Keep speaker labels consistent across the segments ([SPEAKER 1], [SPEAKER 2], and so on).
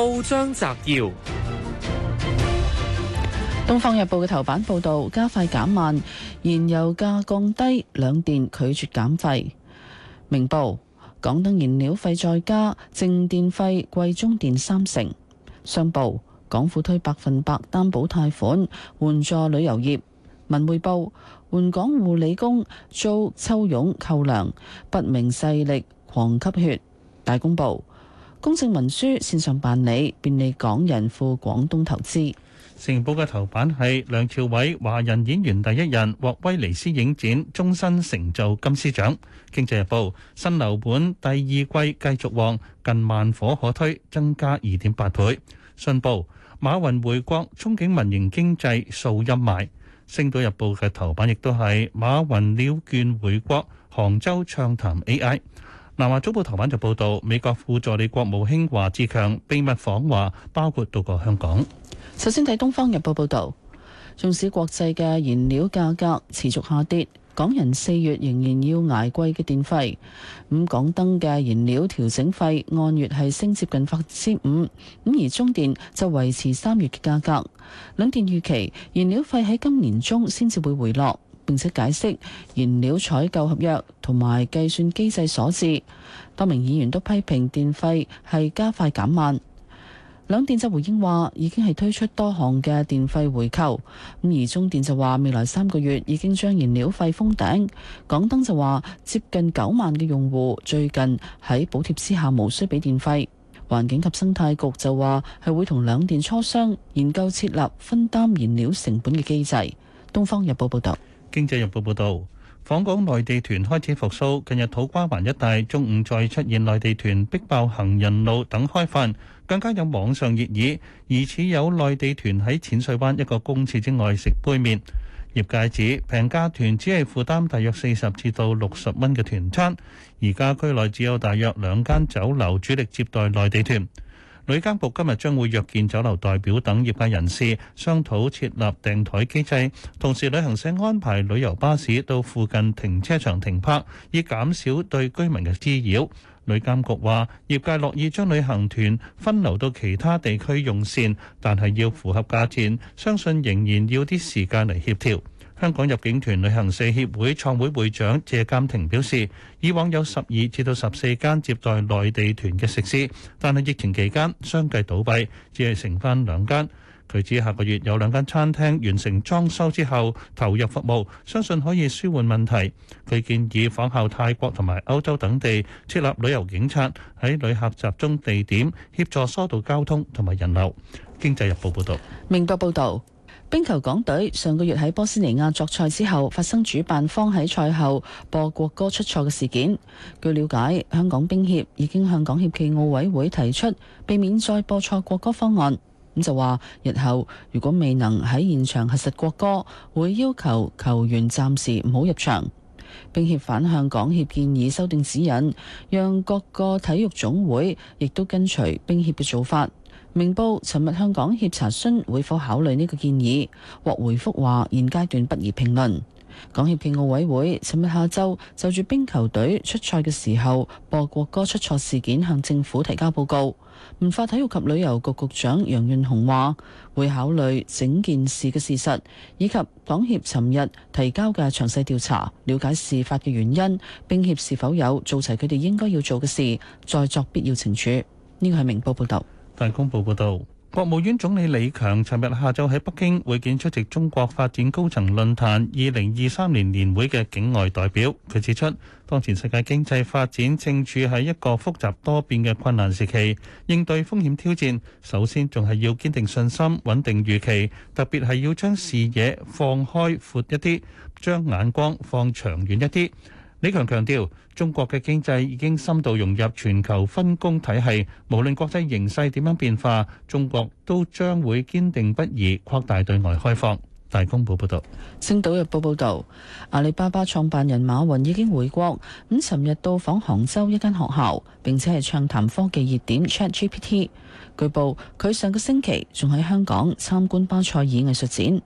[SPEAKER 1] 報
[SPEAKER 2] 章摘要，
[SPEAKER 1] 《東方日報》嘅頭版報道：加快減慢，燃油價降低，兩電拒絕減費。明報：港燈燃料費再加，淨電費貴中電三成。商報：港府推百分百擔保貸款，援助旅遊業。文匯報：援港護理工，遭抽佣扣糧，不明勢力狂吸血。大公報。公正文書線上辦理,便利港人赴廣東投資。
[SPEAKER 2] 8《星期日報》, AI。南華早報頭版就報道，美國副助理國務卿華志強秘密訪華，包括到過香港。
[SPEAKER 1] 首先睇東方日報報道，縱使國際嘅燃料價格持續下跌，港人四月仍然要捱貴嘅電費。咁港燈嘅燃料調整費按月係升接近百分之五，咁而中電就維持三月嘅價格。兩電預期燃料費喺今年中先至會回落。並且解釋燃料採購合約同埋計算機制所致。多名議員都批評電費係加快減慢。兩電就回應話已經係推出多項嘅電費回購。咁而中電就話未來三個月已經將燃料費封頂。港燈就話接近九萬嘅用戶最近喺補貼之下無需俾電費。環境及生態局就話係會同兩電磋商，研究設立分擔燃料成本嘅機制。《東方日報》報道。
[SPEAKER 2] 經濟日報報導，訪港內地團開始復甦。近日土瓜灣一帶中午再出現內地團逼爆行人路等開飯，更加有網上熱議。疑似有內地團喺淺水灣一個公廁之外食杯麵。業界指平價團只係負擔大約四十至到六十蚊嘅團餐，而家區內只有大約兩間酒樓主力接待內地團。旅監局今日將會約見酒樓代表等業界人士，商討設立訂枱機制，同時旅行社安排旅遊巴士到附近停車場停泊，以減少對居民嘅滋擾。旅監局話，業界樂意將旅行團分流到其他地區用膳，但係要符合價錢，相信仍然要啲時間嚟協調。香港入境團旅行社協會創會會長謝鑑庭表示，以往有12至到14
[SPEAKER 1] 冰球港隊上個月喺波斯尼亞作賽之後，發生主辦方喺賽後播國歌出錯嘅事件。據了解，香港冰協已經向港協暨奧委會提出避免再播錯國歌方案。咁就話日後如果未能喺現場核實國歌，會要求球員暫時唔好入場。冰協反向港協建議修訂指引，讓各個體育總會亦都跟隨冰協嘅做法。明報尋日向港協查詢會否考慮呢個建議，獲回覆話現階段不宜評論。港協暨奧委會尋日下晝就住冰球隊出賽嘅時候播國歌出錯事件向政府提交報告。文化體育及旅遊局局，局長楊潤雄話會考慮整件事嘅事實，以及港協尋日提交嘅詳細調查，了解事發嘅原因，並協是否有做齊佢哋應該要做嘅事，再作必要懲處。呢個係明報報道。
[SPEAKER 2] 大公報報導，國務院總理李強尋日下晝喺北京會見出席中國發展高層論壇二零二三年年會嘅境外代表。佢指出，當前世界經濟發展正處喺一個複雜多變嘅困難時期，應對風險挑戰，首先仲係要堅定信心、穩定預期，特別係要將視野放開闊一啲，將眼光放長遠一啲。李強強調，中國嘅經濟已經深度融入全球分工體系，無論國際形勢點樣變化，中國都將會堅定不移擴大對外開放。大公報報道，
[SPEAKER 1] 《星島日報》報道，阿里巴巴創辦人馬雲已經回國，咁尋日到訪杭州一間學校，並且係暢談科技熱點 ChatGPT。據報，佢上個星期仲喺香港參觀巴塞爾藝，藝術展。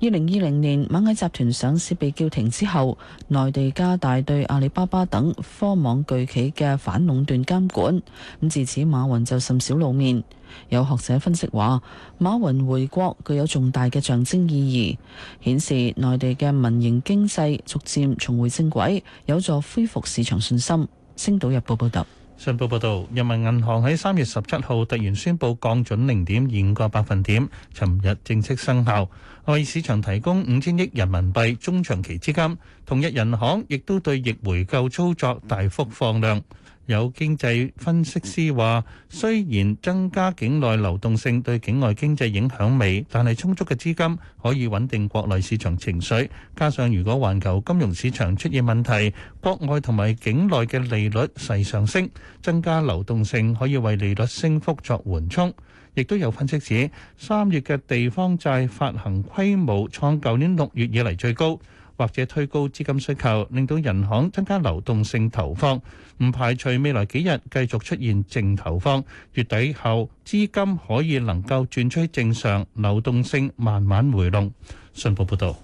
[SPEAKER 1] 二零二零年螞蟻集團上市被叫停之後，內地加大對阿里巴巴等科網巨企嘅反壟斷監管。咁自此馬雲就甚少露面。有學者分析話，馬雲回國具有重大嘅象徵意義，顯示內地嘅民營經濟逐漸重回正軌，有助恢復市場信心。星島日報報道。
[SPEAKER 2] 信報報導，人民銀行喺三月十七號突然宣布降準零點二個百分點，尋日正式生效，為市場提供五千億人民幣中長期資金。同一銀行亦都對逆回購操作大幅放量。有經濟分析師話，雖然增加境內流動性對境外經濟影響微，但係充足嘅資金可以穩定國內市場情緒，加上如果環球金融市場出現問題，國外同埋境內嘅利率勢上升，增加流動性可以為利率升幅作緩衝。亦都有分析指，三月嘅地方債發行規模創舊年六月以來最高。或者推高資金需求，令到銀行增加流動性投放，唔排除未來幾日繼續出現淨投放。月底後資金可以能夠轉出正常，流動性慢慢回籠。信報報道。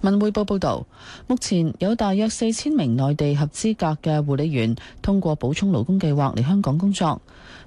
[SPEAKER 1] 文匯報報道，目前有大約四千名內地合資格嘅護理員通過補充勞工計劃嚟香港工作。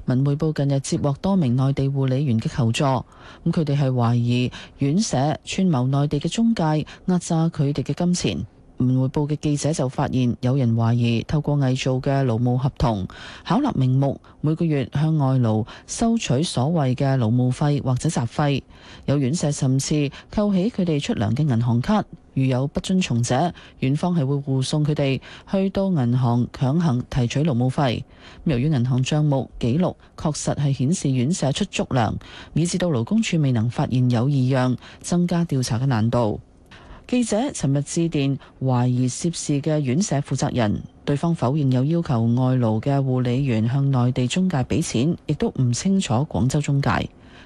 [SPEAKER 1] 文匯報近日接獲多名內地護理員嘅求助，咁佢哋係懷疑院舍串謀內地嘅中介，壓榨佢哋嘅金錢。《文匯報》嘅記者就發現，有人懷疑透過偽造嘅勞務合同，巧立名目，每個月向外勞收取所謂嘅勞務費或者雜費。有院舍甚至扣起佢哋出糧嘅銀行卡，如有不遵從者，院方係會護送佢哋去到銀行強行提取勞務費。由於銀行賬目記錄確實係顯示院舍出足糧，以致到勞工處未能發現有異樣，增加調查嘅難度。記者尋日致電懷疑涉，涉事嘅院舍負責人，對方否認有要求外勞嘅護理員向內地中介俾錢，亦都唔清楚廣州中介。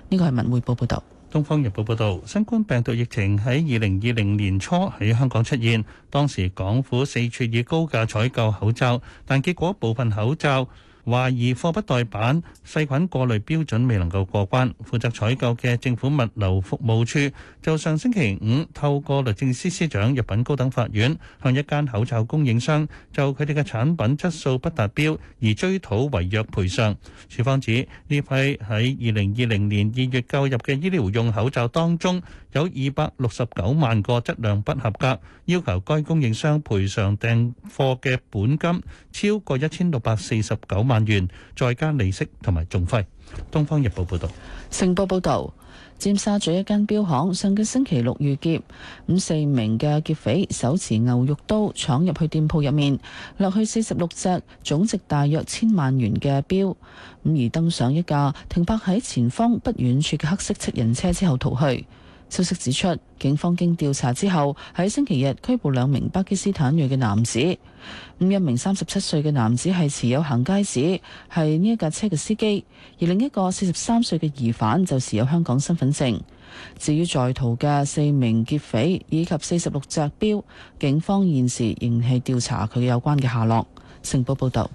[SPEAKER 1] 呢個係文匯報報道。
[SPEAKER 2] 東方日報報道，新冠病毒疫情喺二零二零年初喺香港出現，當時港府四處以高價採購口罩，但結果部分口罩。懷疑貨不對板，細菌過濾標準未能夠過關。負責採購嘅政府物流服務署就上星期五透過律政司司長入禀高等法院，向一間口罩供應商就佢哋嘅產品質素不達標而追討違約賠償。署方指呢批喺二零二零年二月購入嘅醫療用口罩當中有二百六十九萬個質量不合格，要求該供應商賠償訂貨嘅本金超過一千六百四十九萬萬元，再加利息同埋仲費。東方日報報道，
[SPEAKER 1] 成報報道，尖沙咀一間表行上個星期六遇劫，五四名嘅劫匪手持牛肉刀闖入去店鋪入面，掠去四十六隻總值大約千萬元嘅表，咁而登上一架停泊喺前方不遠處嘅黑色七人車之後逃去。消息指出，警方經調查之後，喺星期日拘捕兩名巴基斯坦裔嘅男子。一名三十七歲嘅男子係持有行街紙，係呢一架車嘅司機；而另一個四十三歲嘅疑犯就持有香港身份證。至於在逃嘅四名劫匪以及四十六隻錶，警方現時仍係調查佢有關嘅下落。成報報道。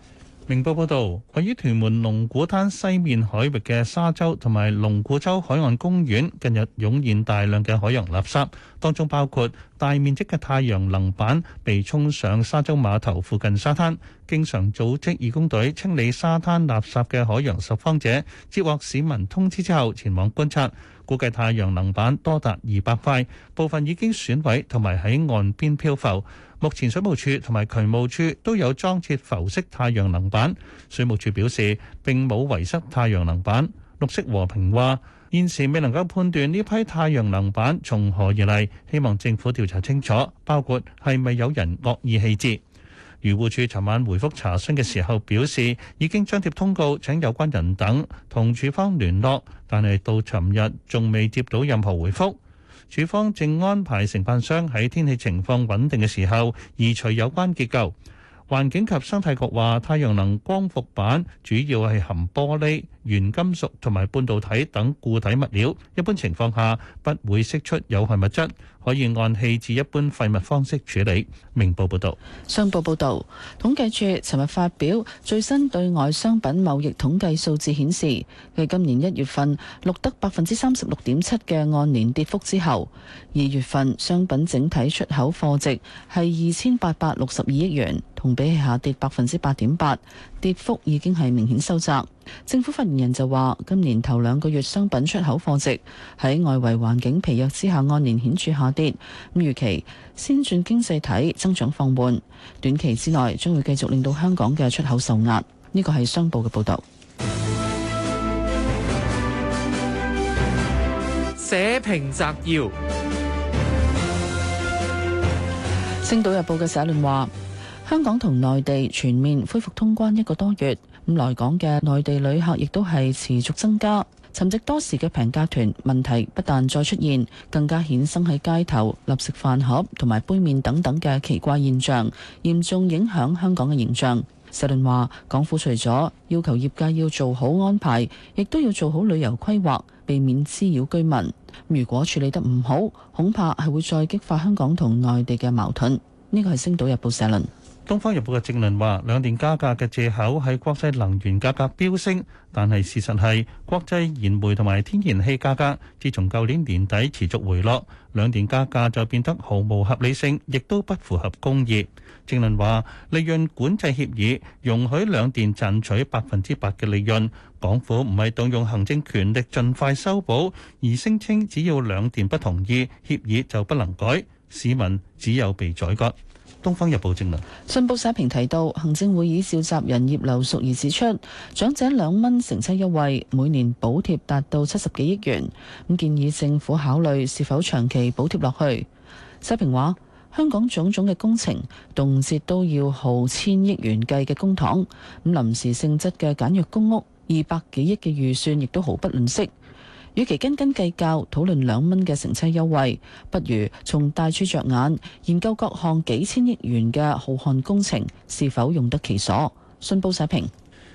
[SPEAKER 2] 明報報導，位於屯門龍鼓灘西面海域嘅沙洲同埋龍鼓洲海岸公園，近日湧現大量嘅海洋垃圾，當中包括大面積嘅太陽能板被沖上沙洲碼頭附近沙灘。經常組織義工隊清理沙灘垃圾嘅海洋拾荒者，接獲市民通知之後，前往觀察。估計太陽能板多達二百塊，部分已經損毀同埋喺岸邊漂浮。目前水務署同埋渠務署都有裝設浮式太陽能板。水務署表示，並冇遺失太陽能板。綠色和平話，現時未能夠判斷呢批太陽能板從何而嚟，希望政府調查清楚，包括係咪有人惡意棄置。漁護署尋晚回覆查詢嘅時候表示，已經張貼通告，請有關人等同署方聯絡，但係到尋日仲未接到任何回覆。署方正安排承辦商喺天氣情況穩定嘅時候移除有關結構。環境及生態局話，太陽能光伏板主要係含玻璃、鉛金屬同埋半導體等固體物料，一般情況下不會釋出有害物質，可以按棄置一般廢物方式處理。明報報道。
[SPEAKER 1] 商報報道，統計處尋日發表最新對外商品貿易統計數字顯示，喺今年一月份錄得百分之三十六點七嘅按年跌幅之後，二月份商品整體出口貨值係二千八百六十二億元。同比下跌百分之八點八，跌幅已經係明顯收窄。政府發言人就話：今年頭兩個月商品出口貨值喺外圍環境疲弱之下，按年顯著下跌。咁預期先進經濟體增長放緩，短期之內將會繼續令到香港嘅出口受壓。呢個係商報嘅報道。
[SPEAKER 2] 社評摘要，
[SPEAKER 1] 《星島日報》嘅社論話。香港同內地全面恢復通關一個多月，咁來港嘅內地旅客亦都係持續增加。沉寂多時嘅平價團問題不但再出現，更加衍生喺街頭立食飯盒同埋杯麵等等嘅奇怪現象，嚴重影響香港嘅形象。社論話，港府除咗要求業界要做好安排，亦都要做好旅遊規劃，避免滋擾居民。如果處理得唔好，恐怕係會再激發香港同內地嘅矛盾。呢個係星島日報社論。
[SPEAKER 2] 東方日報嘅正論話：兩電加價嘅借口係國際能源價格飆升，但係事實係國際燃煤同埋天然氣價格自從舊年年底持續回落，兩電加價就變得毫無合理性，亦都不符合公義。正論話：利潤管制協議容許兩電賺取百分之八嘅利潤，港府唔係動用行政權力盡快修補，而聲稱只要兩電不同意，協議就不能改，市民只有被宰割。《東方日報》正論。
[SPEAKER 1] 信報社評提到行政會議召集人葉劉淑儀指出，長者兩蚊乘車優惠每年補貼達到七十幾億元，咁建議政府考慮是否長期補貼落去。社評話：香港種種嘅工程動輒都要耗千億元計嘅公帑，咁臨時性質嘅簡約公屋二百幾億嘅預算亦都毫不吝惜。與其斤斤計較，討論兩蚊嘅乘車優惠，不如從大處着眼，研究各項幾千億元嘅浩瀚工程是否用得其所。信報社評。
[SPEAKER 2] 《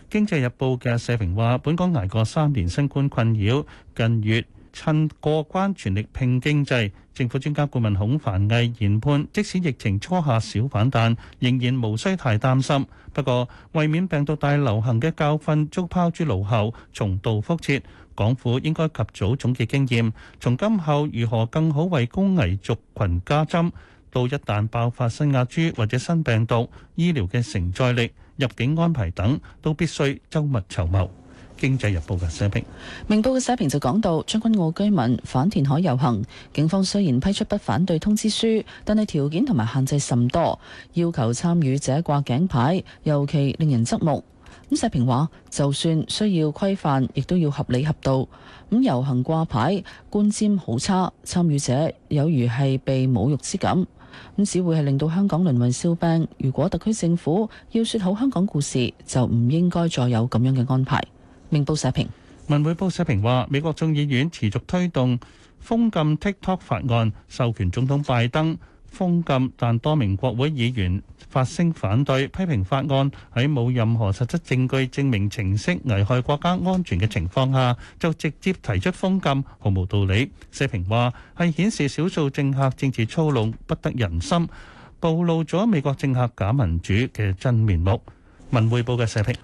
[SPEAKER 2] 經濟日報》嘅社評話，本港挨過三年新冠困擾，近月趁過關全力拼經濟。政府專家顧問孔繁毅研判，即使疫情初夏小反彈，仍然無需太擔心。不過，為免病毒大流行嘅教訓足拋諸腦後，重蹈覆轍。港府應該及早總結經驗，從今後如何更好為高危族群加針，到一旦爆發新亞株或者新病毒，醫療嘅承載力、入境安排等，都必須周密籌謀。經濟日報嘅社評。
[SPEAKER 1] 明報嘅社評就講到將軍澳居民反填海遊行，警方雖然批出不反對通知書，但係條件同埋限制甚多，要求參與者掛頸牌，尤其令人側目。咁社評話：就算需要規範，亦都要合理合道。咁遊行掛牌，觀瞻好差，參與者有如係被侮辱之感。咁只會係令到香港淪為笑柄。如果特區政府要説好香港故事，就唔應該再有咁樣嘅安排。明報社評，
[SPEAKER 2] 文匯報社評話：美國眾議院持續推動封禁 TikTok 法案，授權總統拜登。封禁，但多名國會議員發聲反對，批評法案喺冇任何實質證據證明程式危害國家安全嘅情況下，就直接提出封禁，毫無道理。社評話係顯示少數政客政治操弄不得人心，暴露咗美國政客假民主嘅真面目。文匯報嘅社評。